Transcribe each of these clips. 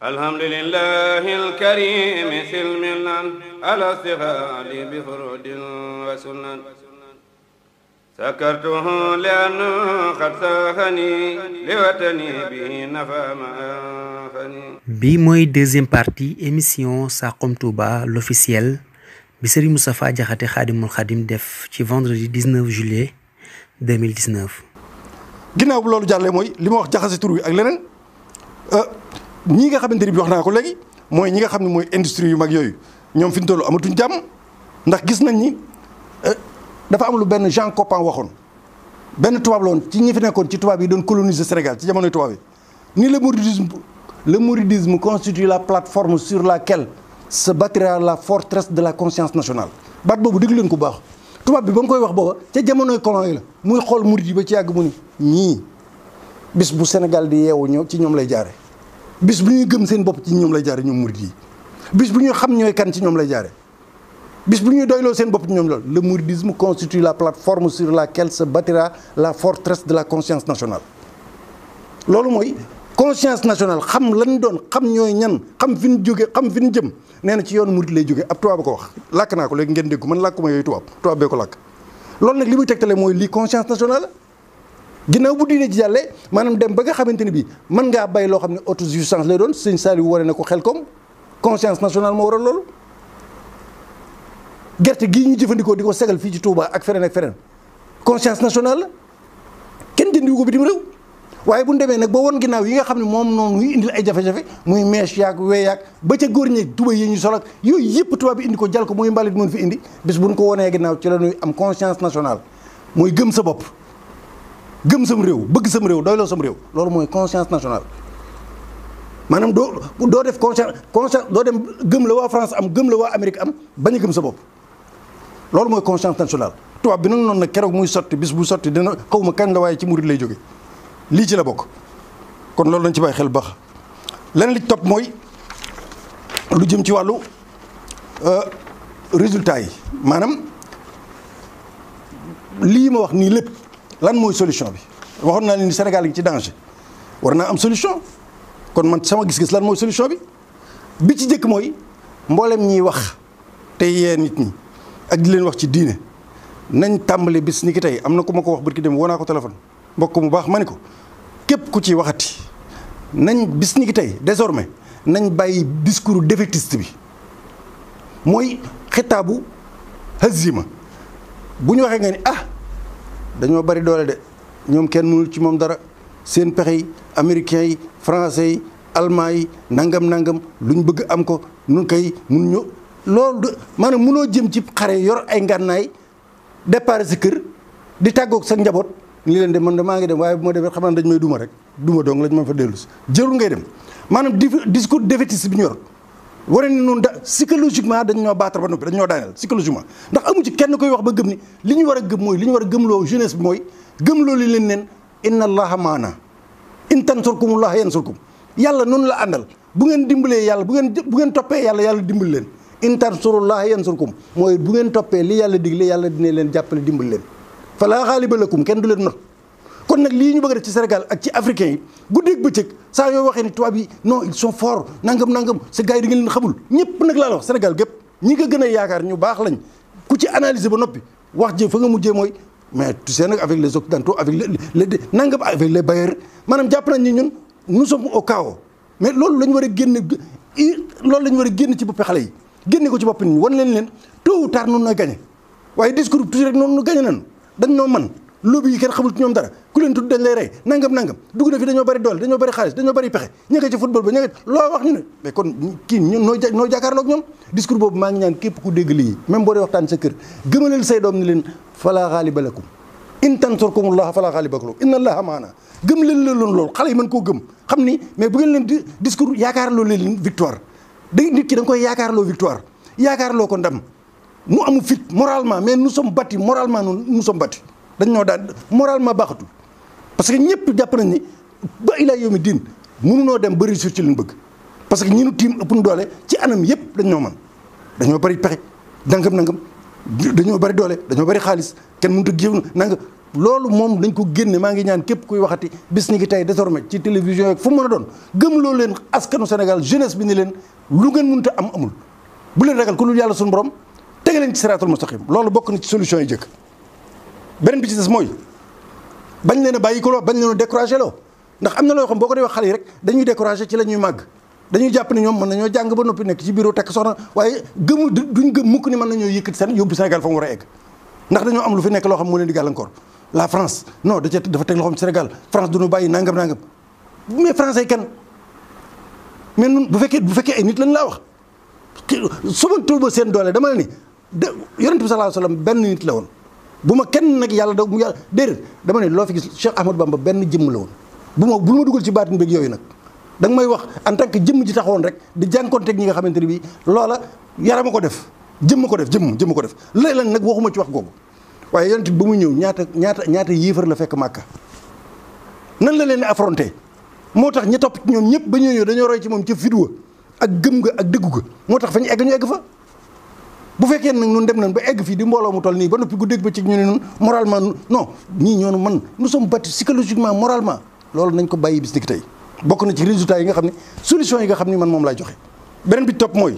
alhamdulillahi alkarimi silmilan ala sihali bi furudin wa sakartuhu liannu xat saxani liwatani bi mooy deuxième parti émission Saxum Touba l'officiel bi Serigne Moustapha Diakhaté Xaadimul Xaadim def ci vendredi 19 juillet 2019 ginnaaw bu loolu jàllee mooy li ma wax jaxase tur wi ak leneen euh, ñi nga xamante ni bi wax naa ko léegi mooy ñi nga xam ne mooy industrie yu mag yooyu ñoom fi ñu toll amatuñ jàmm ndax gis nañ ni euh, dafa am lu benn Jean Copin waxoon benn tubaab loon woon ci ñi fi nekkoon ci tubaab yi doon coloniser Sénégal ci jamonoy tubaab yi ni le mouridisme le la plateforme sur la laquelle se bâtira la forteresse de la conscience nationale baat boobu déglu leen ko baax tubaab bi ba mu koy wax booba ca jamonoy colon yi la muy xool murid yi ba ci yàgg mu ni ñii bis bu Sénégal di yeewu ñëw ci ñoom lay jaare bis bu ñuy gëm seen bopp ci ñoom lay jaare ñoom murid yi bis bu ñuy xam ñooy kan ci ñoom lay jaare bis bu ñuy doyloo seen bopp ci ñoom loolu le mouridisme constitue la plateforme sur laquelle se bâtira la forteresse de la conscience nationale loolu mooy conscience nationale xam lañ doon xam ñooy ñan xam fi ñu jóge xam fi ñu jëm nee na ci yoon murid lay jóge ab tubaab ko wax làkk naa ko léegi ngeen dégg man làkku ma yooyu tubaab tubaab bee ko làkk loolu nag li mooy lii conscience nationale ginnaaw bu diine ji jàllee maanaam dem ba nga xamante ni bi mën ngaa bay loo xam ne autosuffisance lay doon sëñ Saliou waree na ko xel kom conscience nationale moo waral loolu gerte gii ñu jëfandikoo di ko segal fii ci Touba ak feneen ak feneen conscience kenn jëndiwu ko bitim réew waaye bu ñu demee nag ba woon ginnaaw yi nga xam ne moom noonu yu indil ay jafe-jafe muy mèche yaag wee yaag ba ca góor ñeeg tuba yi ñu solak yooyu yëpp tubaab bi indi ko jal ko muy mbalit mën fi indi bis bu ñu ko wonee ginnaaw ci la ñuy am conscience nationale muy gëm sa bopp gëm sam réew bëgg sam réew doyloo sam réew loolu mooy conscience nationale maanaam doo doo def conscience conscience doo dem gëm la waa France am gëm la waa Amérique am bañ a gëm sa bopp loolu mooy conscience nationale tubaab bi nag noonu nag keroog muy sotti bis bu sotti dina xaw ma kañ la waaye ci murid lay jóge lii ci la bokk kon loolu dañ ci bàyyi xel bax lan li topp mooy lu jëm ci wàllu euh, résultat yi maanaam lii ma wax nii lépp lan mooy solution bi waxoon naa leen ni Sénégal gi ci danger war naa am solution kon man sama gis-gis lan mooy solution bi bi ci njëkk mooy mbooleem ñiy wax te yee nit ñi ak di leen wax ci diine nañ tàmbali bis nikki tey am na ku ma ko wax ki dem woo naa ko téléphone mbokk mu baax ma ni ko képp ku ci waxati nañ bis ni tey désormais nañ bàyyi discours défaitiste bi mooy xitaabu hazima bu ñu waxee nga ni ah dañoo bari doole de ñoom kenn mënul ci moom dara seen pexe yi américains yi français yi allemand yi nangam nangam ñu bëgg am ko nun kay mun ñu loolu de mu mënoo jëm ci xare yor ay ngànnaay départ sa kër di tàggoog sa njaboot ni leen de man de maa ngi dem waaye bu ma demee xam naa dañ may duma rek duma dong lañ ma fa dellu si jërul ngay dem maanaam discours défaitiste bi ñu yor waree ne noonu da psychologiquement dañ ñoo battre ba noppi dañ ñoo daaneel psychologiquement ndax amu ci kenn koy wax ba gëm ni li ñu war a gëm mooy li ñu war a gëmloo jeunesse bi mooy gëmloo li leen neen inna allaha maana in tansurkumullaha yansurkum yàlla noonu la àndal bu ngeen dimbalee yàlla bu ngeen bu ngeen toppee yàlla yàlla dimbali leen in tansurullaha yansurkum mooy bu ngeen toppee li yàlla digle yàlla dina leen jàppale dimbali leen falaa xaaliba lakum kenn du leen not kon nag lii ñu bëgg a ci Sénégal ak ci africain yi guddeeg bëccëg saa yoo waxee ni tubaab yi non ils sont forts nangam nangam sa gars yi da ngeen leen xamul ñëpp nag laal la wax Sénégal gépp ñi nga gën a yaakaar ñu baax lañ ku ci analyser ba noppi wax jë fa nga mujjee mooy mais tu sais nag avec les occidentaux avec les les nangam avec les bailleurs maanaam jàpp nañ ni ñun nous sommes o chaos mais loolu lañu war a génn loolu la ñu war a génn ci bopp xale yi génne ko ci bopp nit ñi leen leen tôt ou tard noonu nooy gagné waaye discours toujours rek noonu nu gagné nañu dañ noo man loolu yi kenn xamul ci ñoom dara ku leen tudd dañ lay rey nangam nangam dugg na fi dañoo bari doole dañoo bari xaalis dañoo bari pexe ña nga ci football ba loo kon kii ku dégg lii même boo dee waxtaan sa kër gëmaleel say doom ni leen falaa xaaliba lakum in tansurkumullaha falaa xaaliba lakum inna allaha maana gëm leen yi mën koo gëm ni mais bu ngeen leen di discours yaakaarloo leen victoire ki da nga koy yaakaarloo victoire yaakaarloo ko ndam mu amu fit moralement mais nous sommes battus moralement nous nous sommes battus dañ ñoo daan moral ma baaxatul parce que ñëpp jàpp nañ ni ba ilaa yawmi diin mënunoo dem ba réussir ci liñ bëgg parce que ñi nu tiim ëpp nu doole ci anam yëpp dañ ñoo man dañoo bari pexe nangam nangam dañoo bari doole dañoo bari xaalis kenn mënut a jiw nangam loolu moom dañ ko génne maa ngi ñaan képp kuy waxati bis ni ki tey désormais ci télévision yeeg fu mu mën a doon gëmloo leen askanu Sénégal jeunesse bi ni leen lu ngeen mënut a am amul bu leen ragal ku dul yàlla suñu borom tege leen loolu bokk na ci solution yi jëkk beneen bi ci des mooy bañ leen a bàyyi ko loo bañ leen a loo ndax am na loo xam boo ko dee wax xale yi rek dañuy découragé ci la ñuy màgg dañuy jàpp ne ñoom mën nañoo jàng ba noppi nekk ci bureau takk soxna waaye gëmu duñ gëm mukk ni mën nañoo yëkkati seen yóbbu Sénégal fa mu war a egg ndax dañoo am lu fi nekk loo xam moo leen di gàllankoor la France no da cee dafa teg loxoom Sénégal France du ñu bàyyi nangam nangam mais français yi kan mais nun bu fekkee bu fekkee ay nit lañ laa wax su ma tuuboo seen doole dama ni de yonent bi sallallahu alayhi wasallam benn nit la woon bu ma kenn nag yàlla da mu yàlla déedéet dama ne loo fi gis Cheikh Ahmadou Bamba benn jëmm la bu ma bul ma dugal ci baatin beeg yooyu nag danga may wax en tant jëmm ji taxawoon rek di jànkonteeg ñi nga xamante ne bii loola yarama ko def jëmm ko def jëmm jëmm ko def léeg nag waxuma ci wax googu waaye yonent ba mu ñëw ñaata ñaata ñaata yéefar la fekk màkka nan la leen affronté moo tax ñi topp ci ñoom ñëpp ba ñoo ñëw dañoo roy ci moom ca fit wa ak gëm ga ak dëggu ga moo tax fa ñu egg ñu egg fa bu fekkee nag ñun dem nañ ba egg fii di mbooloo mu toll nii ba noppi guddeeg bëccëg ñu ne ñun moralement non ñii ñoo man nous sommes battus psychologiquement moralement loolu nañ ko bàyyi bis ni ki tey bokk na ci résultats yi nga xam ne solution yi nga xam ni man moom laay joxe. beneen bi topp mooy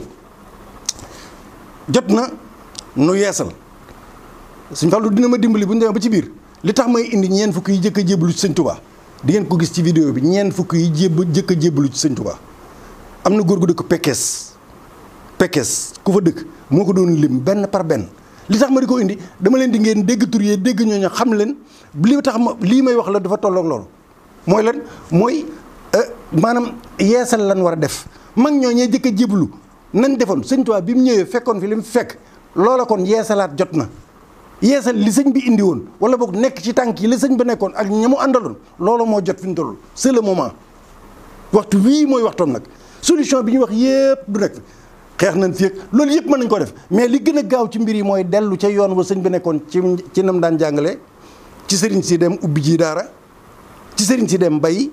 jot na nu yeesal suñ Fallu dina ma dimbali bu ñu demee ba ci biir li tax may indi ñeen fukk yi jëkk a jébbalu ci sëñ Touba di ngeen ko gis ci vidéo bi ñeen fukk yi jébb jëkk a jébbalu ci sëñ Touba am na góor gu dëkk Pekes Pekes ku fa dëkk. moo ko doon lim benn par benn li tax ma di ko indi dama leen di ngeen dégg tur yee dégg ñooñu xam leen li tax ma lii may wax la dafa tolloog loolu mooy lan mooy euh, maanaam yeesal lan war a def mag ñoo ñee jëkk a jéblu nañ defoon sëñ Tuubaa bi mu ñëwee fekkoon fi li mu fekk loola kon yeesalaat jot na yeesal li sëñ bi indi woon wala boog nekk ci tànk yi la sëñ ba nekkoon ak ñamu àndaloon loola moo jot fi mu toll c'est le moment waxtu wii mooy waxtoom nag solution bi ñu wax yépp du xeex nañ ci loolu yëpp mën nañ ko def mais li gën a gaaw ci mbir yi mooy dellu ca yoon wa sëñ bi nekkoon ci ci nam daan jàngale ci sëriñ si dem ubbi jii daara ci sëriñ si dem bay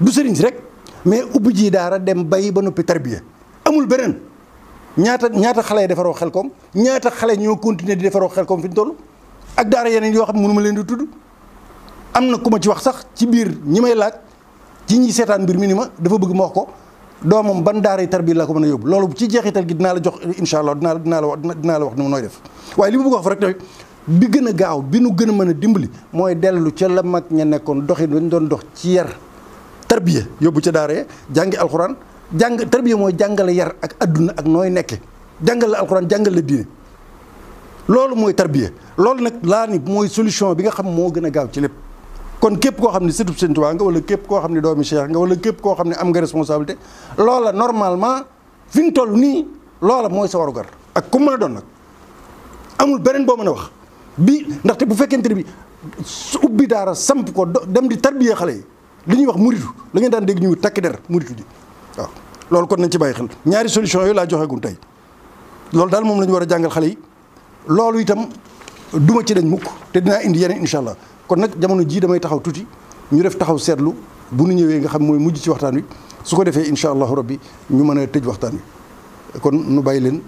bu sëriñ si rek mais ubbi jii daara dem bay ba noppi tarbiya amul beneen ñaata ñaata xale yi defaroo xel koom ñaata xale ñoo continuer di defaroo xel koom fi ñu ak daara yeneen yoo xam ne mënu ma leen di tudd am na ku ma ci wax sax ci biir ñi may laaj ci ñi seetaan mbir mi ni ma dafa bëgg ko doomam ban daaray tarbiya laa ko mën a yóbbu loolu ci jeexital gi dinaa la jox incha allah dinaa dinaa la wax dinaa la wax ni nooy def waaye li ma bëgg wax rek tamit bi gën a gaaw bi nu gën a mën a dimbali mooy dellu ca la mag ña nekkoon doxin dañ doon dox ci yar tarbiya yóbbu ca daara ya jàngi alxuraan jàng tarbiya mooy jàngale yar ak àdduna ak nooy nekke jàngal la alxuraan jàngal la diine loolu mooy tarbiya loolu nag laa ni mooy solution bi nga xam moo gën a gaaw ci lépp kon képp koo xam ne sëtub Sëñ Tuubaa nga wala képp koo xam ne doomi Cheikh nga wala képp koo xam ne am nga responsabilité loola normalement fi nga toll nii loola mooy sa warugar ak ku mën a doon nag amul beneen boo mën a wax bi ndaxte bu fekkente ne bi su ubbi daara samp ko dem di tarbiyee xale yi li ñuy wax muritu la ngeen daan dégg ñu takki der muritu ji waaw loolu kon nañ ci bàyyi xel ñaari solution yooyu laa joxeegun tey loolu daal moom la ñu war a jàngal xale yi loolu itam duma ci dañ mukk te dinaa indi yeneen incha allah kon nag jamono jii damay taxaw tuuti ñu def taxaw seetlu bu nu ñëwee nga xam mooy mujj ci waxtaan wi su ko defee incha allahu rabbi ñu mën a tëj waxtaan wi kon nu bàyyi leen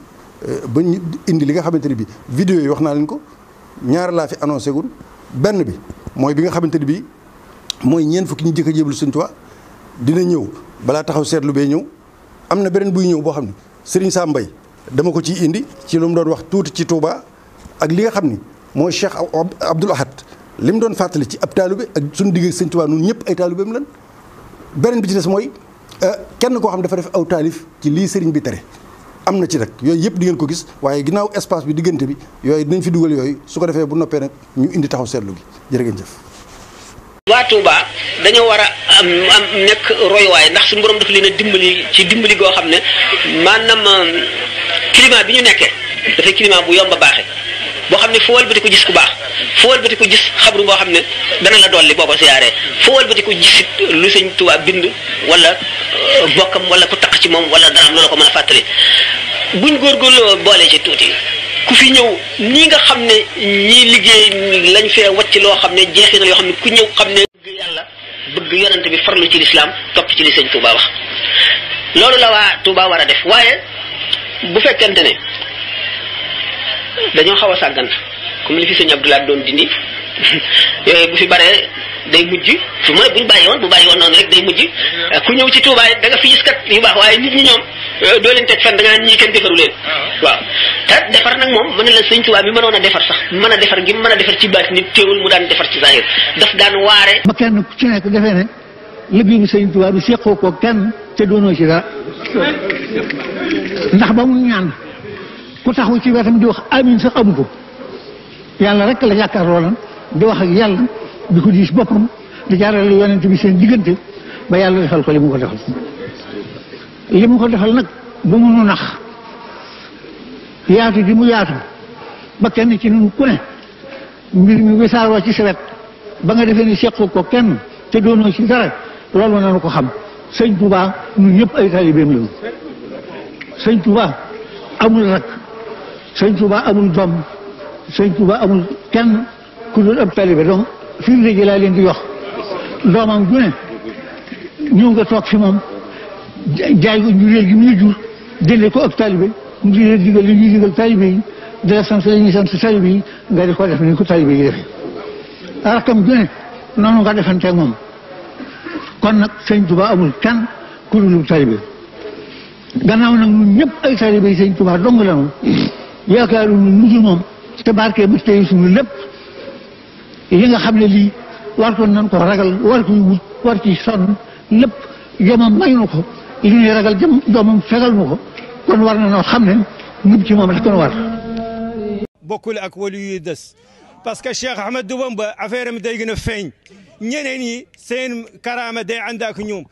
eh, ba indi li nga xamante ni bi video yi wax naa leen ko ñaar laa fi annoncé gun benn bi mooy bi nga xamante ni bi mooy ñeent fukki ñu jëkk a jéblu Sëñ Tuubaa dina ñëw balaa taxaw seetlu bee ñëw am na beneen buy ñëw boo xam ne Serigne saa mbay dama ko ciy indi ci lu mu doon wax tuuti ci Touba ak li nga xam ni mooy Cheikh Abdoul Ahad li mu doon fàttali ci ab taalibe ak suñu digg sëñ Tuubaa ñun ñëpp ay taalibeem lan beneen bi ci des mooy euh, kenn koo xam ne dafa def aw taalif ci lii sëriñ bi tere am na ci rek yooyu yëpp di ngeen ko gis waaye ginnaaw espace bi diggante bi yooyu dinañ fi dugal yooyu su ko defee bu noppee nag ñu indi taxaw seetlu gi jërë ngeen jëf. waa Touba dañoo war a am am nekk waaye ndax suñu borom daf leen dimbali ci dimbali goo xam ne maanaam climat bi ñu nekkee dafay climat bu yomb a baaxee. boo xam ne foo wëlbati ko gis ku baax foo wëlbati ko gis xabru boo xam ne dana la dolli boo ko siyaaree foo wëlbati ko gis lu sëñ Tuubaa bind wala euh, bokkam wala ku takk ci moom walla daraam loola ko mën fàttali buñ góorgóorloo boole ci tuuti ku fi ñëw ñi nga xam ne ñii liggéey lañ fee wàcc loo xam ne jeexinal yoo xam ne ku ñëw xam ne bëgg yàlla bëgg yonante bi farlu ci lislaam topp ci li sëñ Tuubaa wax loolu la waa Tuubaa war a def waaye bu fekkente ne dañoo xaw a sàggan comme li fi sëñ Abdoulaye doon dindi yooyu bu fi baree day mujj su mooy buñ bàyyi woon bu bàyyi woon noonu rek day mujj ku ñëw ci Touba da nga fi gis kat yu baax waaye nit ñi ñoom euh, doo leen teg fan da ngaa ñii kenn defaru leen ah, ah. waaw te defar nag moom mën na la sëñ Touba bi mënoon a defar sax mën a defar gi mën a defar ci baat nit teewul mu daan defar ci zahir daf daan waare ba kenn ci nekk defee ne liggéeyu sëñ Touba bi séqoo ko kenn te doonoo ku taxaw ci wetam di wax amin sax amu ko yàlla rek la yaakaar loolan di wax ak yàlla di ko diis boppam di jaarale yonent bi seen diggante ba yàlla defal ko li mu ko defal li mu ko defal nag bu mu nu nax yaatu di mu yaatu ba kenn ci nun ku ne mbir mi wisaaroo ci sawet ba nga defee ni sequ ko kenn te doonoo ci dara loolu nanu ko xam sëñ Touba ñun ñëpp ay taalibeem lañu sëñ Touba amul rak sëñ Touba amul doom sëñ Touba amul kenn ku dul ab taalibe donc fii mu laa leen di wax doomam ju ne ñëw nga toog fi moom jaay ko njureel gi mu ñu jur jëndee ko ak taalibe mu ngi leen digal li ñuy digal taalibe yi di la sant li ñuy sant taalibe yi nga di ko def ni ko taalibe yi defee rakkam ju ne noonu nga defanteeg moom kon nag sëñ Touba amul kenn ku dul taalibe gannaaw nag ñun ñëpp ay taalibe yi sëñ Touba dong la noonu yaakaaruñu mujj moom te barke ba tey suñu lépp yi nga xam ne lii wartoon nañ ko ragal war koy wut war ci sonn lépp jomam may nu ko li ñuy ragal jëm doomam fegal nu ko kon war na noo xam ne mujj ci moom rek kon war. bokkul ak wàllu yuy des parce que Cheikh Ahmadou Bamba affaire am day gën a feeñ ñeneen ñi seen karaama day ànd ak ñoom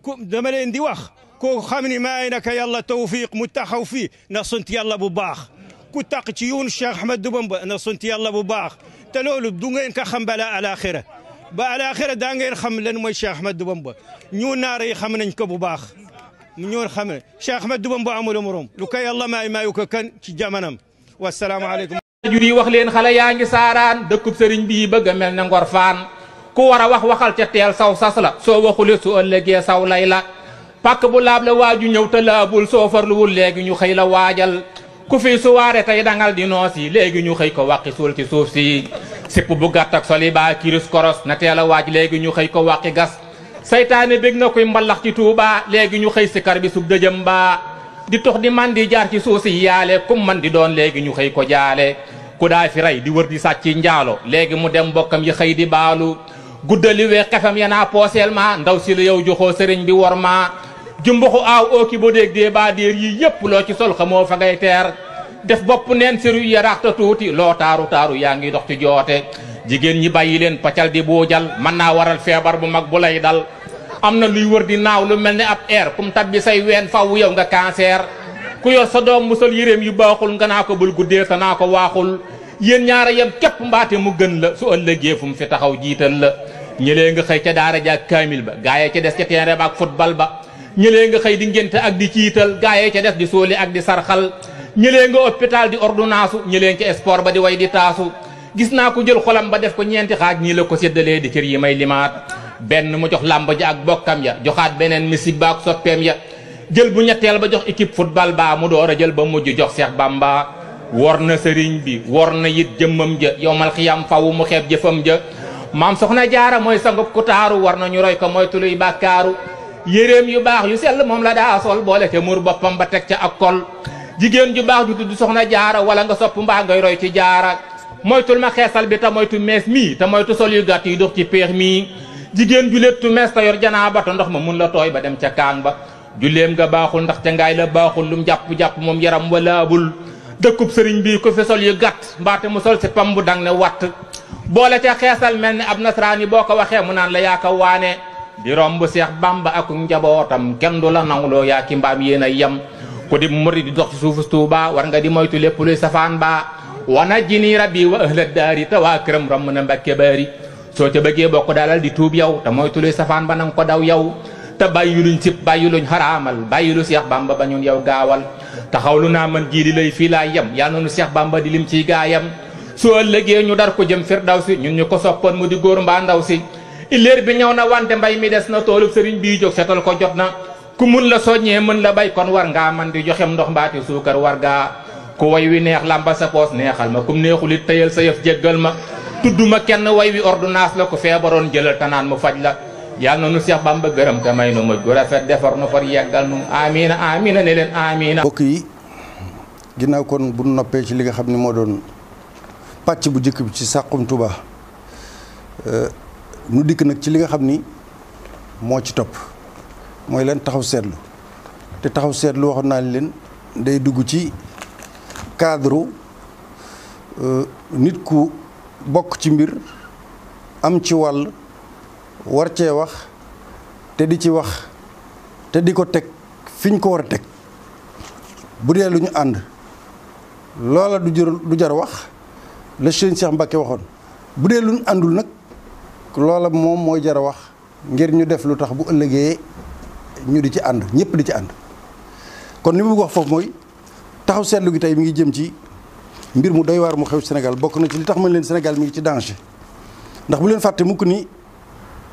ku dama leen di wax koo xam ne maa naka yàlla tawfiq mu taxaw fii ndax sunt yàlla bu baax. ku taq ci yoonu Cheikh Ahmadou Bamba na sunt yàlla bu baax te loolu du ngeen ko xam bala alaxira ba alaxira daa ngeen xam lan mooy Cheikh Ahmadou Bamba ñu naar yi xam nañ ko bu baax ñoo xam ne Cheikh Ahmadou Bamba amul morom lu ko yàlla maay maayu ko kan ci jamanam wa jur yi wax leen xale yaa ngi saaraan dëkkub sëriñ bii bëgg a na ngor faan ku war a wax waxal ca teel saw sas soo waxule su ëllëgee saw lay la bu laab la waaju ñëw te laabul soo farluwul ku fi suwaare tey dangal di noos yi léegi ñu xëy ko wàqi suul ci suuf si sipp bu gàtt ak soli baa kiris koros na teel a waaj léegi ñu xëy ko wàqi gas saytaane bég na kuy mbalax ci tuubaa léegi ñu xëy si sikar bi sub dëjëm ba di tox di man di jaar ci suuf si yaale kum man di doon léegi ñu xëy ko jaale ku daa fi rey di wër di sàcc njaalo léegi mu dem mbokkam yi xëy di baalu guddali wee xefam yanaa pooseel ma ndaw si la yow joxoo bi wor ma jumbuxu aaw ooki ba déeg dee baa déer yii yépp loo ci sol xamoo fa ngay teer def bopp neen séru yaraaxta tuuti loo taaru taaru yaa ngi dox ci joote jigéen ñi bàyyi leen paccal di buujal mën naa waral feebar bu mag bu lay dal am na luy wër di naaw lu mel ne ab air kum tab bi say ween faw yow nga cancer ku yor sa doom mu sol yéreem yu baaxul nga naa ko bul guddee te naa ko waaxul yéen ñaara yem képp mbaate mu gën la su ëllëgee fu mu fi taxaw jiital la ñëlee nga xëy ca daara jaak kaamil ba gaaya ca des ca terrain ba ak football ñëlee nga xëy di ngénte ak di ciital gaayee ca des di sóoli ak di sarxal ñëlee nga hôpital di ordonnance ñëlee ca sport ba di way di taasu gis naa ko jël xolam ba def ko ñeenti xaaj nii la ko séddalee di cër yi may limaat benn mu jox làmb ja ak bokkam ya joxaat beneen mi ba ak soppeem ya jël bu ñetteel ba jox équipe football baa mu door a jël ba mujj jox Seex Bamba wor na sëriñ bi wor na it jëmmam ja yowmal xiyam fawu mu xeeb jëfam ja maam soxna jaara mooy sangub ku taaru war nañu roy ko mooy tuluy yéreem yu baax yu sell moom la daa sol boole ca muur boppam ba teg ca a kol jigéen ju baax ju tudd soxna jaara wala nga sopp mbaa ngay roy ci jaara moytul ma xeesal bi ta moytu mees mii ta moytu sol yu gàtt yu dox ci peex mii jigéen ju léttu mees te yor janaa ba te ndox ma mun la tooy ba dem ca kaan ba julleem nga baaxul ndax ca ngaay la baaxul lum jàpp-jàpp moom yaram walaabul dëkkub sëriñ bi ku fi sol yu gàtt mbaate mu sol si pam bu dang ne boole ca xeesal mel ni ab nasraan yi boo ko waxee mu naan la yaa ko waane di romb seex bàmba ak njabootam kenn du la nawloo yaa ki mbaam yéen a yem ku di murid di dox ci Tuuba war nga di moytu lépp luy safaan ba wana jini rabbi wa ahla daari te waa këram romb na mbakke baari soo ca bëggee bokk dalal di tuub yow ta moytu luy safaan ba nanga ko daw yow te bàyyi luñ sib bàyyi luñ xaraamal bàyyi lu seex bàmba ba ñun yow gaawal ta lu naa man jii di lay fii laa yem yal na nu seex bàmba di lim ciy soo ëllëgee ñu dar ko jëm firdaw si ñun ko soppoon mu di góor mbaa si illeer bi ñëw na wante mbay mi des na toolub sëriñ bii jóg setal ko jot na ku mun la soññee mën la bay kon war ngaa man di joxem ndox mbaati suukar war ngaa ku way wi neex làmba sa poos neexal ma kum neexul it tëyal sa yëf jéggal ma tudd ma kenn way wi ordonnance la ku feebaroon jëlal tanaan mu faj la yàlla na nu Seex Bamba gërëm te may defar nu far yeggal nu amina amina ne leen amina mbokk yi ginnaaw kon bu noppee ci li xam ne moo doon pàcc bu njëkk bi ci Saxum Touba euh, nu dikk nag ci li nga xam ni moo ci topp mooy leen taxaw seetlu te taxaw seetlu waxoon naa leen day dugg ci cadre euh, nit ku bokk ci mbir am ci wàll war cee wax te di ci wax te di ko teg fi ñu ko war a teg bu dee lu ñu ànd loola du jar du jar wax la Sëriñ Cheikh Mbacke waxoon bu dee lu ñu àndul nag. loola moom mooy jar a wax ngir ñu def lu tax bu ëllëgee ñu di ci ànd ñëpp di ci ànd kon li mu wax foofu mooy taxaw seetlu gi tey mi ngi jëm ci mbir mu doy waar mu xew Sénégal bokk na ci li tax ma leen Sénégal mi ngi ci danger ndax bu leen fàtte mukk ni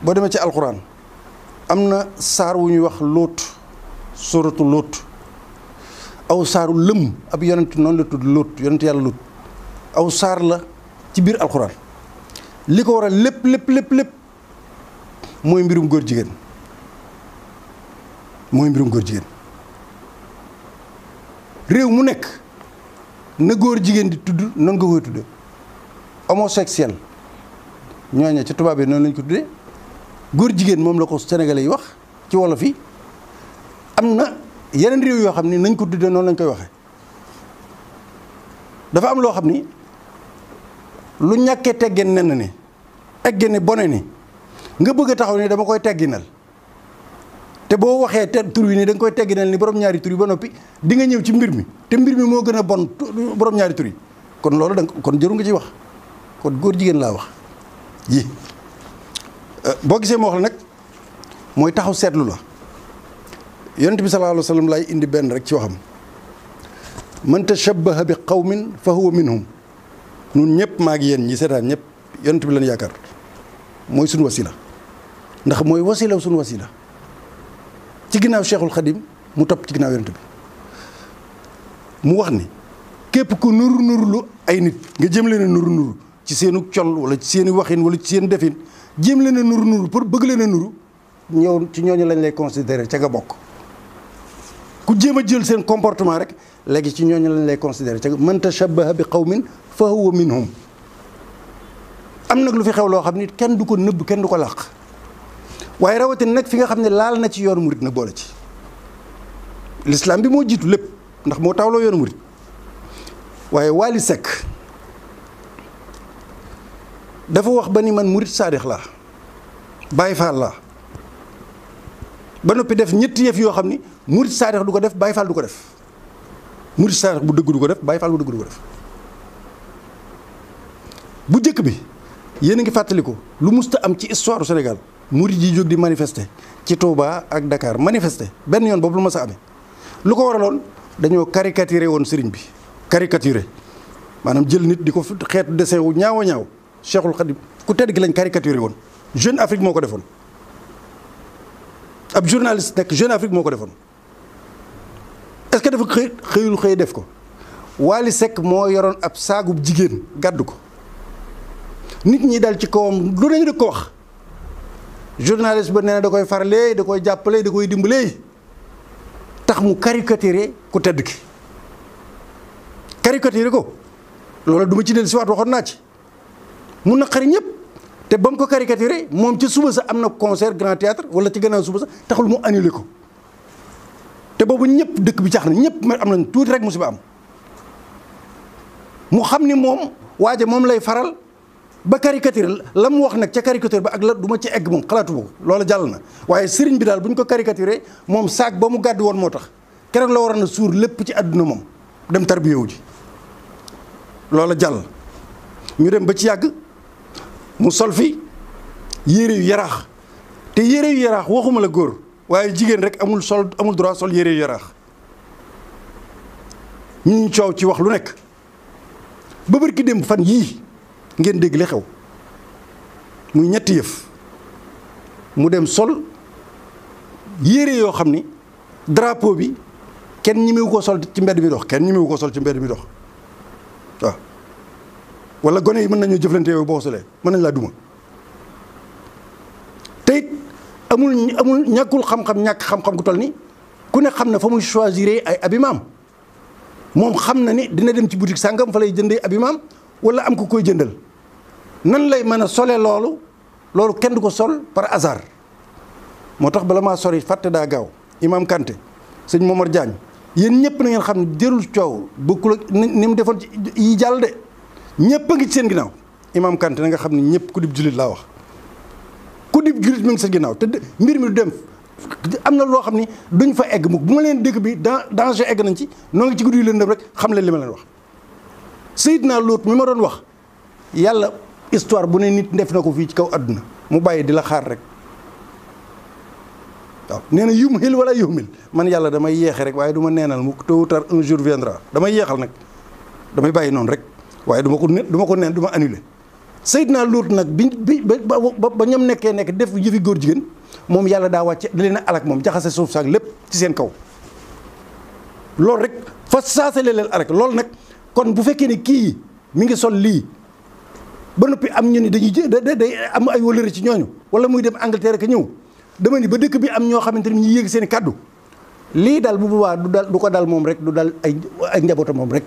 boo demee ci alxuraan am na saar wu ñuy wax lóot soratu lóot aw saaru lëm ab yonent noonu la tudd lóot yonent yàlla lóot aw saar la ci biir alxuraan li ko waral lépp lépp lépp lépp mooy mbirum góor jigéen mooy mbirum góor jigéen réew mu nekk na góor jigéen di tudd noonu nga koy tudd homosexuel ñooñu ci tubaab yi noonu lañ ko tuddee góor jigéen moom la ko sénégalais yi wax ci wolof yi am na yeneen réew yoo xam ni nañ ko tuddee noonu lañ koy waxee dafa am loo xam ni. lu ñàkkee teggin nen ni egge ni bone ni nga bëgg a taxaw ni dama koy tegginal te boo waxee te tur wi nii da nga koy tegginal ni borom ñaari tur yi ba noppi di nga ñëw ci mbir mi te mbir mi moo gën a bon borom ñaari tur yi kon loolu da kon jëru nga ci wax kon góor jigéen laa wax yi euh, boo gisee moo wax la nag mooy taxaw seetlu la yonent bi sallallahu alayhi wa sallam laay indi benn rek ci waxam man tashabbaha bi qawmin fa huwa minhum nun ñëpp maa ngi yéen ñi seetaan ñëpp yonent bi lañu yaakaar mooy suñu wasila ndax mooy wasila suñu wasila ci ginnaaw Cheikhul Khadim mu topp ci ginnaaw yonent bi mu wax ni képp ku nuru nuru lu ay nit nga jëm leen a nuru nuru ci seenu col wala ci seeni waxin wala ci seen defin jéem leen a nuru nuru pour bëgg leen a nuru ñëw ci ñooñu lañ lay considérer ca nga bokk ku jéem a jël seen comportement rek léegi ci ñooñu lañ lay considéré te man tashabbaha bi xaw qawmin fa huwa minhum am nag lu fi xew loo xam ni kenn du ko nëbb kenn du ko làq waaye rawatin nag fi nga xam ne laal na ci yoon murit na boole ci lislaam bi moo jiitu lépp ndax moo tawloo yoonu murit waaye Waly Seck dafa wax ba ni man murit saadix laa Baay Faal laa ba noppi def ñetti yëf yoo xam ni murit saadix du ko def Baay Faal du ko def murid saar bu dëgg ko def Baay Faal bu dëgg du ko def bu njëkk bi yéen a ngi fàttaliku lu musta am ci histoire Sénégal murid yi jóg di manifester ci Touba ak Dakar manifester benn yoon boobu lu ma sa amee lu ko waraloon dañoo caricaturé woon sëriñ bi caricaturé maanaam jël nit di ko xeetu dessin wu ñaaw a ñaaw Cheikhul Khadim ku tedd gi lañ caricaturé woon Jeune Afrique moo ko defoon ab journaliste nekk Jeune Afrique moo ko defoon est-ce que dafa xëy xëyul xëy def ko waali Seck moo yoroon ab saagub jigéen gàddu ko nit ñi dal ci kawam lu nañu di ko wax journaliste ba nee da koy faralee da koy jàppalee da koy dimbalee tax mu caricaturé ku tedd ki caricaturé ko loolu duma ci del si waat waxoon naa ci mun na xari ñëpp te ba mu ko caricaturé moom ci suba sa am na concert grand théâtre wala ci gannaaw suba sa taxul mu annulé ko te boobu ñëpp dëkk bi cax na ñëpp am nañ tuuti rek musiba am mu xam ni moom waaje moom lay faral ba caricature la mu wax nag ca caricature ba ak la duma ci egg moom xalaatuma ko loolu jàll na waaye sëriñ bi daal bu ñu ko caricaturé moom saak ba mu gàddu woon moo tax keroog la waroon a suur lépp ci àdduna moom dem tarbiyewu ji loola jàll ñu dem ba ci yàgg mu sol fi yére yu yaraax te yére yu yaraax waxuma la góor waaye jigéen rek amul sol amul droit sol yére yaraax ñu coow ci wax lu nekk ba bërki dem fan yii ngeen dégg li xew muy ñetti yëf mu dem sol yére yoo xam ni drapeau bi kenn ñimewu ko sol ci mbedd mi dox kenn ñimewu ko sol ci mbedd mi dox waaw wala gone yi mën nañoo jëflante yow boo solee mën nañ laa duma tey amul amul ñàkkul xam-xam ñàkk xam-xam ku toll ni ku ne xam na fa muy choisir ay abimaam moom xam na ni dina dem ci boutique sàngam fa lay jëndee abimaam wala am ku koy jëndal nan lay mën a sole loolu loolu kenn du ko sol par hasard moo tax bala maa sori fàtte daa gaaw imaam Kanté sëñ Momar Diagne yéen ñëpp na ngeen xam ne jërul coow bokkul ak ni mu defoon ci yi jàll de ñëpp a ngi ci seen ginnaaw imaam Kanté na nga xam ne ñëpp ku dib jullit laa wax ku di jullit mi ngi sa ginnaaw te mbir mi du dem am na loo xam ni duñ fa egg mukk bu ma leen dëkk bi dans danger egg nañ ci noo ngi ci guddi leen dem rek xam leen li ma leen wax. Seydina Luut mi ma doon wax yàlla histoire bu ne nit def na ko fii ci kaw àdduna mu bàyyi di la xaar rek waaw nee na yumhil wala yumhil man yàlla damay yeexe rek waaye duma neenal mu tôt ou tard un jour viendra damay yeexal nag damay bàyyi noonu rek waaye duma ko ne du ko neen du ma annulé. Seydina Luut nag bi bi ba ba ñoom nekkee nekk def yëfi góor jigéen moom yàlla daa wàcce da leen a alak moom jaxase suuf saak lépp ci seen kaw loolu rek fa saasale leen alak loolu nag kon bu fekkee ne kii mi ngi sol lii ba noppi am ñu ni dañuy jë da day am ay wëlëri ci ñooñu wala muy dem Angleterre ak ñëw dama ni ba dëkk bi am ñoo xamante ni ñu yéeg seen i kàddu lii daal bu boobaa du dal du ko dal moom rek du dal ay ay njabootam moom rek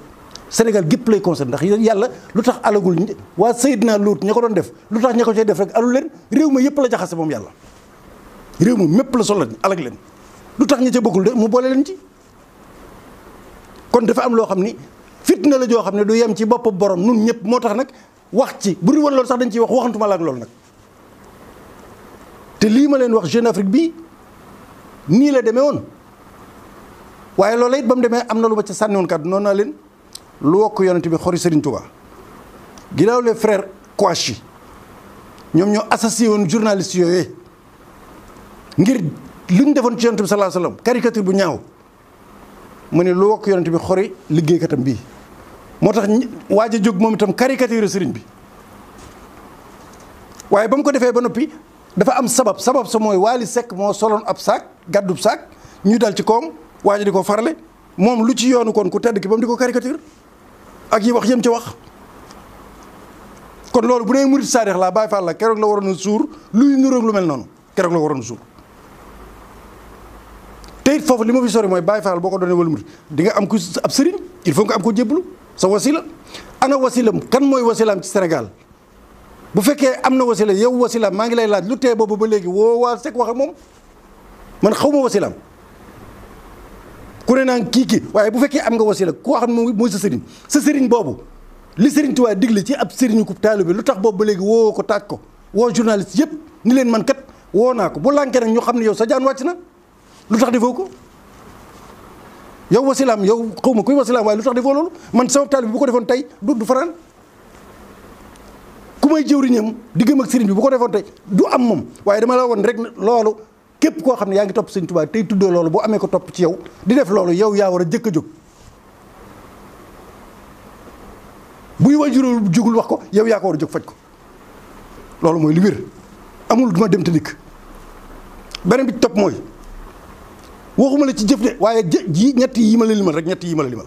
Sénégal gépp lay concerné ndax yàlla lu tax alagul waa naa Luut ña ko doon def lu tax ña ko cay def rek alul leen réew mi yëpp la jaxase moom yàlla réew mi mépp la solo alag leen lu tax ña ca bokkul de mu boole leen ci kon dafa am loo xam ni fitna la joo xam ne du yem ci bopp borom nun ñëpp moo tax nag wax ci bu dul lool sax dañ ciy wax waxantuma la ak loolu nag te lii ma leen wax Jeune Afrique bii nii la demee woon waaye loolu it demee am na lu ma ca sànniwoon kàddu naa leen lu wokk yonent bi xori Serigne Touba ginnaaw les frères Kouachi ñoom ñoo associé woon journaliste yooyu ngir li ñu defoon ci yonent bi salaa salaam bu ñaaw mu ne lu wokk yonent bi xori liggéeykatam bii moo tax waaj a jóg moom itam caricature Serigne bi waaye ba mu ko defee ba noppi dafa am sabab sabab sa mooy Waly sekk moo soloon ab saak gàddub saak ñu dal ci koom waaj di ko farale moom lu ci yoonu koon ku tedd ki ba mu di ko caricature ak yi wax yëm ca wax kon loolu bu dee murit saadex laa Baay Faal la keroog la waroon a suur luy nuroog lu mel noonu keroog la waroon a suur te foofu li ma fi sori mooy Baay Faal boo ko doonee wala murit di nga am ku ab sëriñ il faut nga am ko jébbalu sa wasila ana wasilam kan mooy wasilaam ci Sénégal bu fekkee am na wasila yow wasilaam maa ngi lay laaj lu tee boobu ba léegi woo waa sek wax ak moom man xaw ma wasilaam ku ne naan kii ki waaye bu fekkee am nga wasila koo xam ne mooy sa sëriñ sa sëriñ boobu li sëriñ waaye digle ci ab sëriñu ko taalibe bi lu tax boobu ba léegi woo ko taaj ko woo journaliste yëpp ni leen man kat woo naa ko bu lankee nag ñu xam ne yow sa jaan wàcc na lu tax defoo ko yow wasilaam yow xaw ma kuy wasilaam waaye lu tax defoo loolu man sama taalibe bi bu ko defoon tey du du faraan ku may jëwriñam diggam ak sëriñ bi bu ko defoon tey du am moom waaye dama la woon rek loolu képp koo xam ne yaa ngi topp sëñ Tuubaa tey tuddoo loolu boo amee ko topp ci yow di def loolu yow yaa war a jëkk a jóg buy wajuró jugul wax ko yow yaa ko war a jóg faj ko loolu mooy li wér amul duma dem te dikk beneen bi topp mooy waxuma la ci jëf de waaye ji ñett yi ma la limal rek ñett yi ma la limal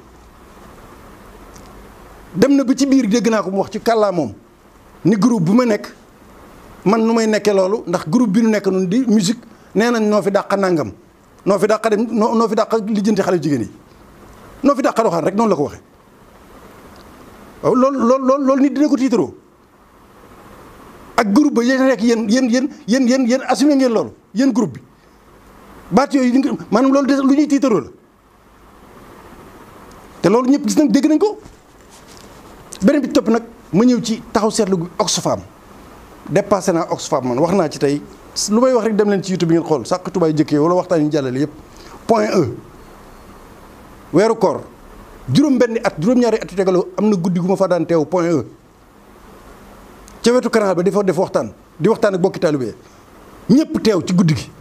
dem na ba ci biir dégg naa ko mu wax ci kàllaa moom ni groupe bu ma nekk man nu may nekkee loolu ndax groupe bi nu nekk noonu di musique nee nañ noo fi dàqa nangam noo fi dàqa dem noo fi dàqa lijjanti xale jigéen yi noo fi dàqa doxaan rek noonu la ko waxee waaw loolu loolu loolu loolu nit dina ko tiitaroo ak groupe ba yéen rek yéen yéen yéen yéen yéen yéen assumé ngeen loolu yéen groupe bi baat yooyu li maanaam loolu des lu ñuy tiitaroo la te loolu ñëpp gis nañ dégg nañ ko beneen bi topp nag ma ñëw ci taxaw seetlu gi Oxfam dépassé naa Oxfam man wax naa ci tey lu may wax rek dem leen ci YouTube bi ngeen xool Sakku Touba jëkkee wala waxtaan yu ñu jàllale yëpp point E weeru koor juróom-benni at juróom-ñaari at yu tegaloo am na guddi gu ma fa daan teew point E ca wetu canal def waxtaan di waxtaan ak bokki taalibe ñëpp teew ci guddi gi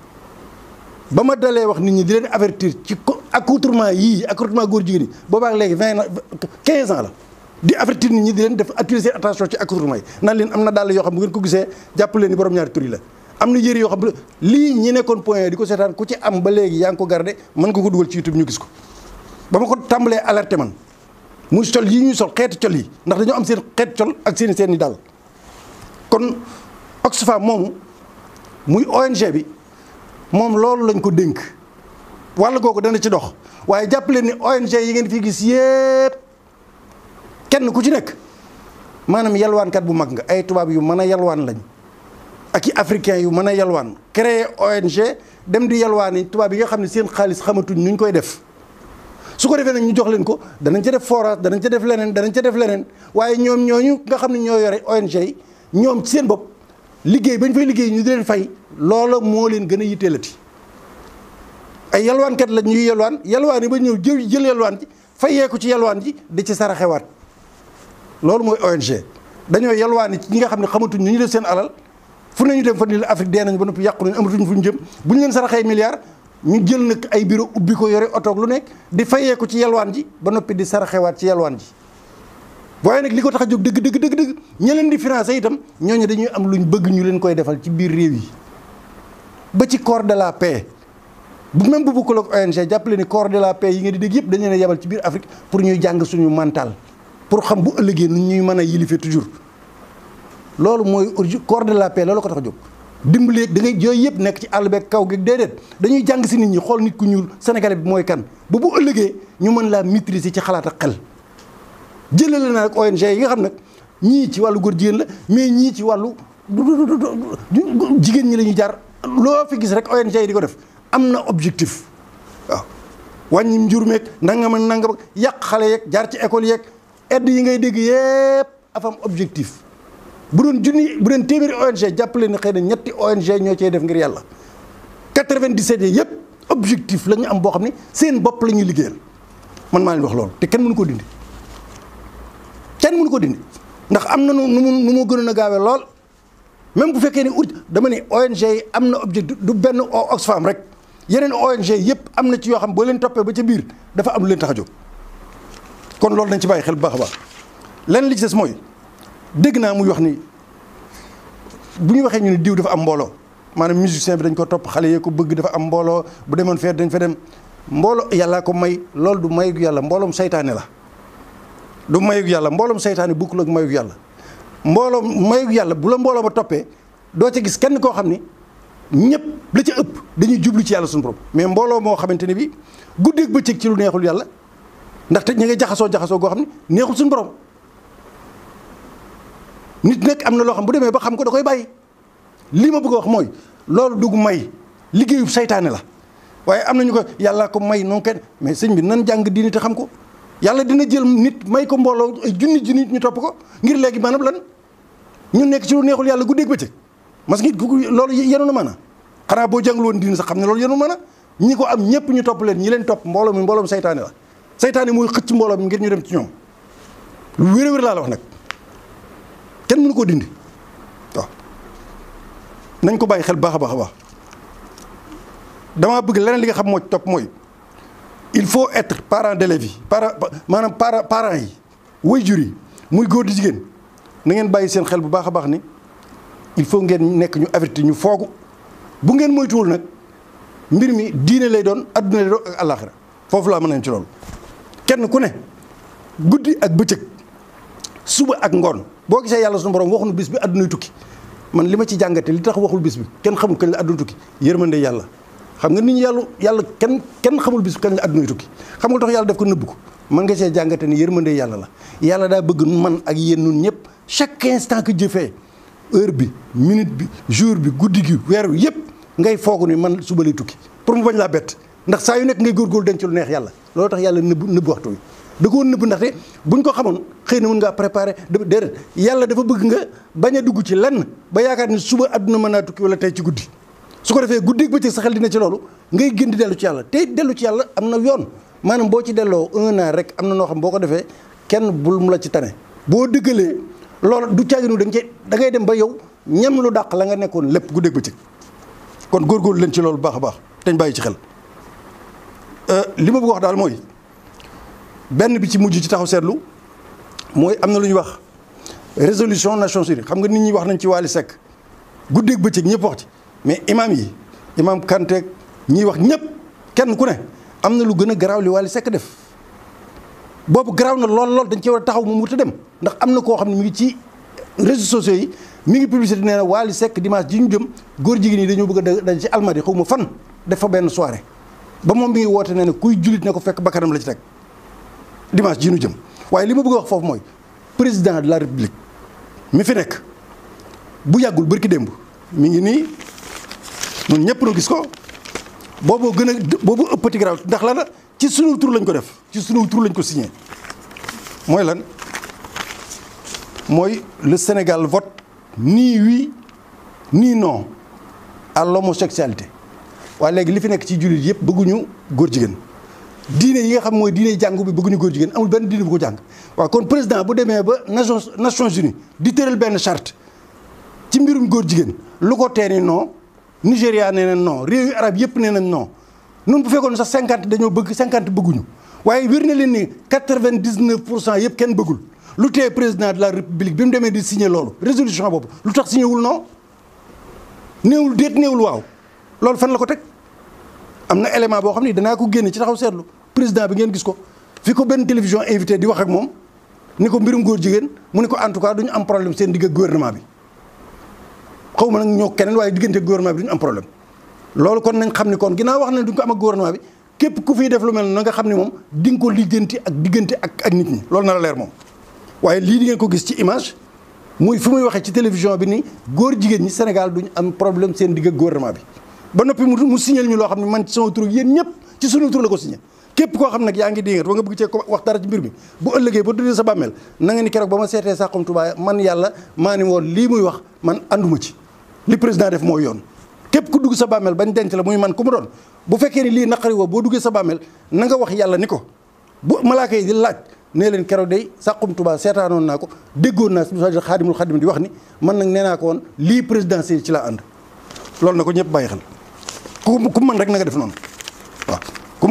ba ma dalee wax nit ñi di leen avertir ci accoutrement yii accoutrement góor jigéen yi boobaak léegi vingt ans quinze ans la di avertir nit ñi di leen def attirer seen ci accoutrement yoo xam bu ngeen ko jàpp leen ni borom ñaari tur la am na yëre yoo xam lii ñi nekkoon point di ko seetaan ku ci am ba léegi yaa ngi ko garde mën nga ko dugal ci YouTube ñu gis ko ba ma ko tàmbalee alerté man muy col yi ñuy sol xeetu col yi ndax dañoo am seen xeetu col ak seen seeni i daal kon Oxfam moomu muy ONG bi moom loolu lañ ko dénk wàll googu dana ci dox waaye jàpp leen ni ONG yi ngeen fi gis yëpp kenn ku ci nekk maanaam yalwaankat bu mag nga ay tubaab yu mën a yalwaan lañ ak i africain yu mën a yalwaan créer ONG dem di yalwaani tubaab yi nga xam ne seen xaalis xamatuñ nu ñu koy def su ko defee nag ñu jox leen ko danañ ca def forage danañ ca def leneen danañ ca def leneen waaye ñoom ñooñu nga xam ne ñoo yore ONG yi ñoom ci seen bopp liggéey bañ fay liggéey ñu di leen fay loola moo leen gën a yitteelati ay yalwaankat la ñuy yalwaan yalwaan yi ba ñëw jël jël yalwaan ci yalwaan ji di ci saraxewaat loolu mooy ONG dañoo yalwaani ci ñi nga xam ne xamatuñ ñu ñu def seen alal fu ñu dem fa ni la Afrique dee nañu ba noppi yàqu nañu amatuñu fu ñu jëm bu ñu leen saraxee milliards ñu jël nag ay bureau ubbi ko yore otoog lu nekk di fayee ko ci yalwaan ji ba noppi di saraxewaat ci yalwaan ji waaye nag li ko tax a jóg dëgg dëgg dëgg dëgg ña leen di financé itam ñooñu dañuy am luñ bëgg ñu leen koy defal ci biir réew yi ba ci corps de la paix bu même bu bokkul ak ONG jàppale ni corps de la paix yi nga di dégg yëpp dañu leen yebal ci biir Afrique pour ñuy jàng suñu mental pour xam bu ëllëgee nu ñuy mën a yilife toujours loolu mooy origine corps de la paix loolu ko tax a jóg dimbali da ngay yooyu yëpp nekk ci àll beeg kaw gi déedéet dañuy jàng si nit ñi xool nit ku ñuul sénégalais bi mooy kan ba bu ëllëgee ñu mën laa maîtriser ci xalaata xel jëlale na ak ONG yi nga xam nag ñii ci wàllu góor jigéen la mais ñii ci wàllu jigéen ñi lañuy ñuy jaar loo fi gis rek ONG yi di ko def am na objectif waaw wàññi njur meeg nangam nanga nangam yàq xale yeeg jaar ci école yeeg aide yi ngay dégg yëpp objectif bu doon junni bu doon téeméeri ONG jàppale ne na ñetti ONG ñoo cey def ngir yàlla 97 yi yëpp objectif lañu am boo xam ne seen bopp la ñuy liggéeyal man maa leen wax lool te kenn mënu ko dindi kenn mënu ko dindi ndax am na nu nu mu nu mu gënoon a gaawee lool même bu fekkee ne ut dama ne ONG yi am na objectif du benn Oxfam rek yeneen ONG yëpp am na ci yoo xam boo leen toppee ba ca biir dafa am lu leen tax a jóg kon loolu dañ ci bàyyi xel bu baax a baax lenn li ci mooy. dégg naa muy wax ni bu ñu waxee ñu ne diw dafa am mbooloo maanaam musicien bi dañ ko topp xale yee ko bëgg dafa am mbooloo bu demoon fee dañ fa dem mbooloo yàllaa ko may lool du mayu yàlla mbooloom saytaane la du mayu yàlla mbooloom saytaane bukkul ak mayu yàlla mbooloom mayu yàlla bu la mbooloo ma toppee doo ca gis kenn koo xam ni ñëpp la ca ëpp dañuy jublu ci yàlla suñu borom mais mbooloo moo xamante ne bi guddeeg bëccëg ci lu neexul yàlla ndaxte ñu ngi jaxasoo jaxasoo koo xam ne neexul suñu borom nit nekk am na loo xam bu demee ba xam ko da koy bàyyi li ma bugg a wax mooy loolu dugg may liggéeyub saytaane la waaye am nañu ko yàlla ko may noonu kenn mais sëñ bi nan jàng diini te xam ko yàlla dina jël nit may ko mbooloo ay junni junni ñu topp ko ngir léegi maanaam lan ñu nekk ci lu neexul yàlla guddeeg bëccëg mas ngi loolu yenu na maanaam xanaa boo jàngul woon diini sax xam ne loolu yenu maanaam ñi ko am ñëpp ñu topp leen ñi leen topp mbooloo mi mbooloom saytaane la saytaane mooy xëcc mbooloo mi ngir ñu dem ci ñoom lu la wax nag kenn mënu koo dindi waaw nañ ko bàyyi xel baax a baax a baax damaa bëgg leneen li nga xam mooy topp mooy il faut être parent d'élèves yi parent maanaam parent yi waajur yi muy góor jigéen na ngeen bàyyi seen xel bu baax a baax ni il faut ngeen nekk ñu averti ñu foogu bu ngeen moytuwul nag mbir mi diine lay doon adduna lay doon ak àllaaxira foofu laa mën nañ ci loolu kenn ku ne guddi ak bëccëg. suba ak ngoon boo gisee yàlla suñu borom waxuñu bis bi addunay tukki man li ma ci jàngate li tax waxul bis bi kenn xamul kañ la adduna tukki yërmande yàlla xam nga nit ñi yàlla yàlla kenn kenn xamul bis bi kañ la addunay tukki xam nga tax yàlla daf ko nëbb ko man nga see jàngate ni yërmande yàlla la yàlla daa bëgg man ak yéen ñun ñëpp chaque instant que jëfee heure bi minute bi jour bi guddi gi weer wi yëpp ngay foogu ni man suba lay tukki pour mu bañ laa bett ndax saa yu nekk ngay góorgóorlu denc lu neex yàlla loolu tax yàlla nëbb nëbb waxtu wi da ko nëbb bu buñ ko xamoon xëy na mën ngaa préparer déedéet yàlla dafa bëgg nga bañ a dugg ci lenn ba yaakaar ni suba àdduna mën naa tukki wala tey ci guddi su ko defee guddi bëccëg sa xel dina ci loolu ngay gën di dellu ci yàlla tey dellu ci yàlla am na yoon maanaam boo ci delloo un an rek am na noo xam boo ko defee kenn bul mu la ci tane boo dëggalee loolu du caaginu dañ cee da ngay dem ba yow ñam lu dàq la nga nekkoon lépp guddi bëccëg kon góorgóorlu leen ci loolu baax a baax dañ bàyyi ci xel euh, li ma bëgg wax daal mooy benn bi ci mujj ci taxaw seetlu mooy am na lu ñuy wax résolution Nations Unies xam nga nit ñuy wax nañ ci Wally Seck guddeeg bëccëg ñëpp wax ci mais imam yi imaam Kanté ñiy wax ñëpp kenn ku ne am na lu gën a garaaw li Wally sekk def boobu garaaw na lool lool dañ ci war a taxaw moom wut a dem ndax am na koo xam ne mi ngi ci réseaux sociaux yi mi ngi publicité nee na Wally Seck dimanche ji ñu jëm góor jigéen yi dañoo bëgg a daje ci almadi xaw ma fan def benn soirée ba moom mi ngi woote nee kuy jullit ne ko fekk bakkanam la ci teg dimanche ji nu jëm waaye li ma bëgg a wax foofu mooy président de la république mi fi nekk bu yàggul bërki démb mi ngi nii ñun ñëpp nu gis ko booboo gën a boobu ëppati garaaw ndax lan ci sunu tur lañ ko def ci sunu tur lañ ko signé mooy lan mooy le Sénégal vote ni oui ni non à l'homosexualité waaye léegi li fi nekk ci jullit yëpp bëgguñu góor jigéen diine yi nga xam mooy diine jàngu bi bëgguñu góor jigéen amul benn diine bu ko jàng waaw kon président bu demee ba nations nations unies di tëral benn charte ci mbirum góor jigéen lu ko tee noo non Nigéria nee nañ réew yu arab yëpp nee nañ non nun bu fekkoon sax cinquante dañoo bëgg cinquante bëgguñu waaye wér na leen ni quatre-vingt-dix-neuf pour cent yëpp kenn bëggul lu tee président de la république bi mu demee di signé loolu résolution boobu lu tax signé wul non néewul déet néewul waaw loolu fan la ko teg am na élément boo xam ne danaa ko génne ci taxaw seetlu président bi ngeen gis ko fi ko benn télévision invité di wax ak moom ni ko mbirum góor jigéen mu ne ko en tout cas duñu am problème seen digg gouvernement bi xaw ma nag ñoo keneen waaye diggante gouvernement bi duñu am problème loolu kon nañ xam ne kon ginnaaw wax ne duñ ko am ak gouvernement bi képp ku fiy def lu mel na nga xam ne moom di nga ko lijjanti ak diggante ak nit ñi loolu na la leer moom waaye lii di ngeen ko gis ci image muy fu muy waxee ci télévision bi nii góor jigéen ñi Sénégal duñ am problème seen digg gouvernement bi ba noppi mu signal ñu loo xam ne man ci sama tur yéen ñëpp ci suñu tur la ko signé képp koo xam nag yaa ngi déngat ba nga bëgg cee ko wax dara ci mbir mi bu ëllëgee ba duddee sa bàmmeel na nga ma seetee Saxum Touba man yàlla maa ni woon ci li président def mooy yoon képp ku dugg sa bàmmeel bañ denc la muy man ku mu doon bu fekkee ni lii naqari woo boo duggee sa bàmmeel na nga wax yàlla ni ko bu malaaka yi di laaj nee leen keroog day Saxum Touba seetaanoon naa ko déggoon naa si xaadimul xaadim di wax ni man nag nee naa ko woon lii présidentiel ci laa ànd loolu na ko ñëpp bàyyi xel ku ku mën rek na nga def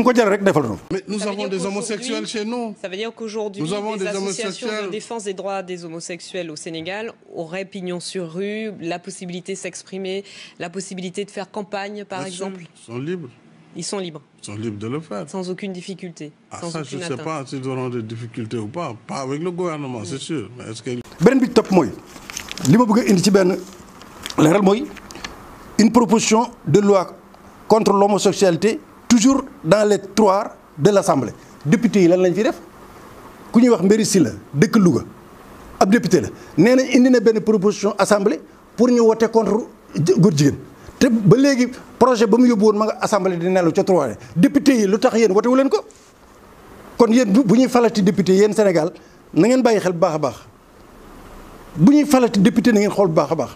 ko jar rek defal mais nous avons des homosexuels chez nous. ça veut dire qu'aujourd'hui des droits des homosexuels au Sénégal auraient pignon sur rue la possibilité de s'exprimer la possibilité de faire campagne par exemple. ils sont libres. sans aucune difficulté. Ah, sans ça, je ou pas pas avec le gouvernement c'est mm. sûr mais est-ce que. beneen bi topp une proposition de loi. contre l'homosexualité toujours dans les tiroirs de l'Assemblée député yi lan lañ fi def ku ñuy wax Mbéri la dëkk Louga ab député la nee na indi na benn proposition assemblée pour ñu wote contre góor jigéen te ba léegi projet ba mu yóbbu woon ma nga assemblée di nelaw ca tiroir député yi lu tax yéen wotewu leen ko kon yéen bu bu ñuy falati député yéen Sénégal na ngeen bàyyi xel bu baax a baax bu ñuy falati député na ngeen xool bu baax a baax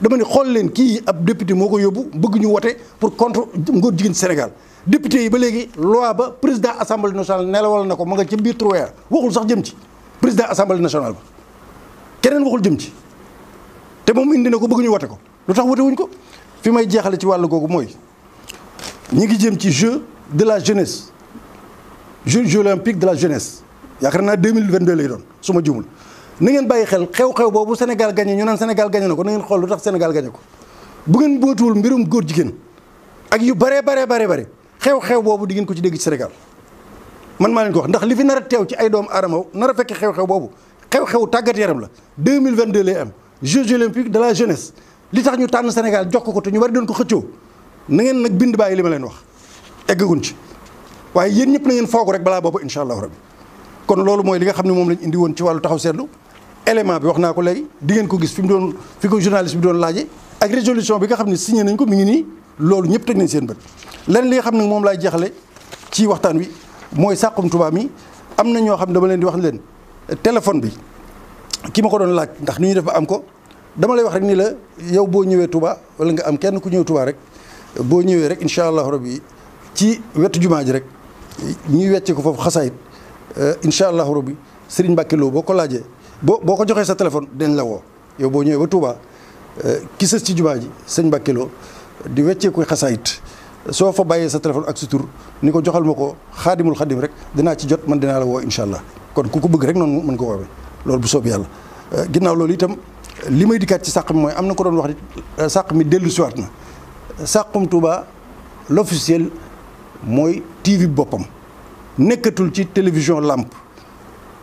dama ne xool leen kii ab député moo ko yóbbu bëgg ñu wote pour contre ngóor jigéen Sénégal député yi ba léegi loi ba président assemblée nationale nelawal na ko ma nga ci biir trois waxul sax jëm ci président assemblée national ba keneen waxul jëm ci te moom indi na ko bëgg ñu wote ko lu tax wote wuñ ko fi may jeexale ci wàll googu mooy ñi ngi jëm ci jeu de la jeunesse jeux olympique de la jeunesse yaakaar naa 2022 lay doon su ma jumul na ngeen bàyyi xel xew-xew boobu Sénégal gagné ñu naan Sénégal gagné na ko na ngeen xool lu tax Sénégal gagné ko bu ngeen bootuwul mbirum góor jigéen ak yu bare bare bare bare xew-xew boobu di ngeen ko ci dégg ci Sénégal man maa leen ko wax ndax li fi nar a teew ci ay doomu aadama nar a fekk xew-xew boobu xew-xew tàggat yaram la 2022 lay am Jeux olympiques de la jeunesse li tax ñu tànn Sénégal jox ko ko te ñu bari doon ko xëccoo na ngeen nag bind bàyyi li ma leen wax eggaguñ ci waaye yéen ñëpp na ngeen foogu rek balaa boobu incha allahu rabbi kon loolu mooy li nga xam ne moom lañ indi woon taxaw seetlu élément bi wax naa ko léegi di ngeen ko gis fi mu doon fi ko journaliste bi doon laajee ak résolution bi nga xam ne signé nañ ko mu ngi nii loolu ñëpp teg nañ seen bët lenn li xam ne moom laay jeexale ci waxtaan wi mooy Saxum Touba mi am na ñoo xam ne dama leen di wax leen téléphone bi ki ma ko doon laaj ndax ni ñu def ba am ko dama lay wax rek nii la yow boo ñëwee Touba wala nga am kenn ku ñëw Touba rek boo ñëwee rek incha allah rabbi ci wetu jumaa ji rek ñuy wecce ko foofu xasaayit euh, incha allah rabbi Serigne Mbacke Lo boo ko laajee. boo boo ko joxee sa téléphone dañ la woo yow boo ñëwee ba Touba euh, ki sës ci jumaa ji sëñ Mbàkke Lo di wecceeku xasaayit soo fa bàyyee sa téléphone ak sa ni ko joxal ma ko xaadimul xaadim rek danaa ci jot man dinaa la woo incha allah kon ku ko bëgg rek noonu mën ko woowee loolu bu soob yàlla euh, ginnaaw loolu itam li may dikkaat ci sàq mi mooy am na ko doon wax ni euh, sàq mi dellu siwaat na sàqum Touba l'officiel mooy TV boppam nekkatul ci télévision làmp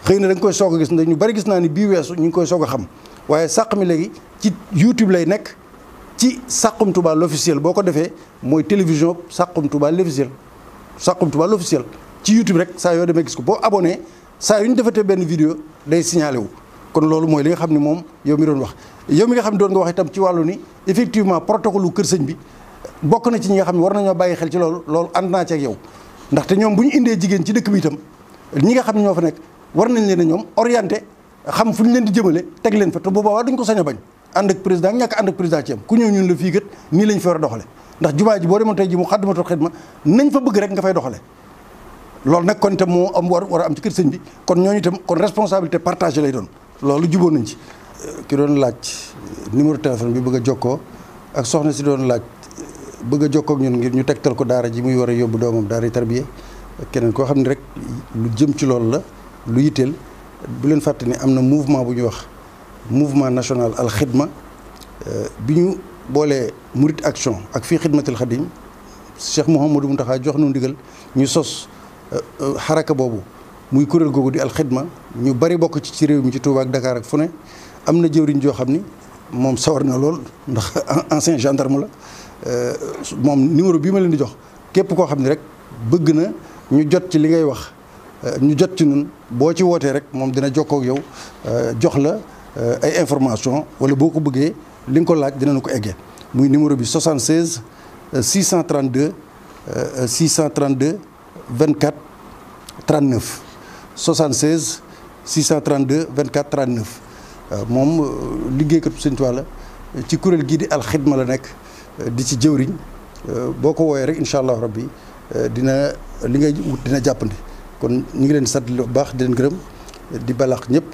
xëy na dañ koy soog a gis ndax ñu bari gis naa ni bii weesu ñu ngi koy soog a xam waaye sàq mi léegi ci YouTube lay nekk ci Saxum tubaal l'officiel boo ko defee mooy télévision Saxum Touba l'officiel Saxum Touba l'officiel ci YouTube rek saa yoo demee gis ko boo abonné saa yu ñu defatee benn vidéo day signalé wu kon loolu mooy li nga xam ne moom yow mi doon wax yow mi nga xam ne doon nga wax itam ci wàllu ni effectivement protocole u kër sëñ bi bokk na ci ñi nga xam ne war nañoo bàyyi xel ci loolu loolu ànd naa yow ndaxte ñoom bu ñu indee jigéen ci dëkk bi itam ñi nga xam ñoo fa nekk war nañ leen a ñoom orienté xam fu ñu leen di jëmale teg leen fa te bu boobaa duñ ko sañ bañ ànd ak président ñàkk ànd ak président ci am ku ñëw ñun la fii kat nii lañ fa war a doxale ndax jumaa ji boo demoon tey ji mu xaddamatul xidma nañ fa bëgg rek nga loolu nag kon itam moo am war am ci kër sëñ bi kon ñooñu itam kon responsabilité partagée lay doon loolu jubóo nañ ci ki doon laaj numéro téléphone bi bëgg a jokkoo ak soxna si doon laaj bëgg a ñun ngir ñu tegtal ko daara ji muy war a yóbbu doomam daara yi tarbiye keneen koo xam ne rek lu jëm ci loolu la lu yitteel bu leen fàtte ni am na mouvement bu ñu wax mouvement national al xidma euh, bi ñu boolee murit action ak fii xidmatil xadim Cheikh Mouhamadou Mountakha jox nu ndigal ñu sos euh, euh, xaraka boobu muy kuréel googu di al xidma ñu bari bokk ci ci réew mi ci Touba ak Dakar ak fu ne am na jëwriñ joo xam ni moom sawar na lool ndax ancien gendarme la moom numéro bii ma leen di jox képp koo xam ne rek bëgg na ñu jot ci li ngay wax Euh, ñu jot ci ñun boo ci wootee rek moom dina jokkoo ak yow euh, jox la euh, ay information wala boo ko bëggee li nga ko laaj dinañ ko eggee muy numéro bi 76 632 632 24 39 76 632 24 39 moom liggéeykatu Sëñ Tuubaa la ci kuréel gii di alxidma la nekk di ci jëwriñ boo ko wooyee rek incha allah rabbi dina li ngay wut dina jàppandi. kon ñu ngi leen di sant lu baax di leen gërëm di balax ñëpp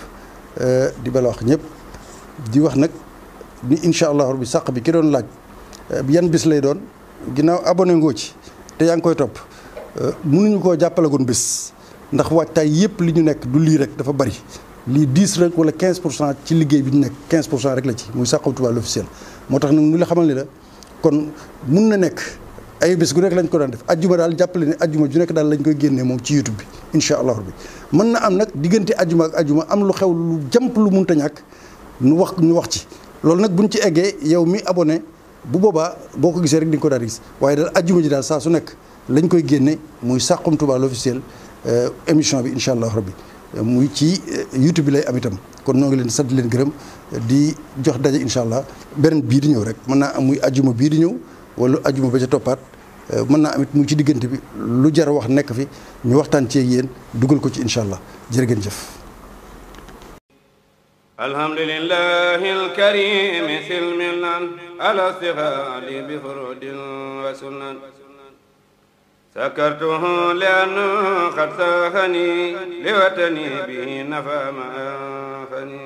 euh, di balax ñëpp di wax nag ni incha allah rabbi sàq bi ki doon laaj euh, yan bis lay doon ginnaaw abonné ngoo ci te yaa ngi koy topp euh, mënuñu koo jàppalagoon bis ndax waajtaay yëpp li ñu nekk du lii rek dafa bari lii 10 rek wala 15 pour cent ci liggéey bi ñu nekk 15 pour cent rek la ci muy Saxum Touba l'officiel moo tax nag ñu la xamal ni la kon mun na nekk. ay bés gu nekk lañ ko daan def ajjuma daal jàppale ne ajjuma ju nekk daal lañ koy génnee moom ci YouTube bi incha allah bi mën na am nag diggante ajjuma ak ajjuma am lu xew lu jàmp lu munta ñàkk nu wax ñu wax ci loolu nag buñ ci eggee yow mi abonné bu boobaa boo ko gisee rek di ko daal gis waaye daal ajjuma daal saa su lañ koy génne muy Saxum Touba l'officiel euh, émission bi incha allah rabbi muy ci euh, YouTube bi lay am itam kon ñoo ngi leen sant leen gërëm di jox daje incha allah beneen bii di ñëw rek mën naa am muy ajjuma bii di ñëw wala ajjuma ba ca toppaat Euh, mën naa amit mu ci diggante bi lu jar wax nekk fi ñu waxtaan ci yéen dugal ko ci incha allah jëf alhamdulillahi alkarim silmilan alastighali bi furudin wa sakartuhu li qad sahani li watani bihi nafa ma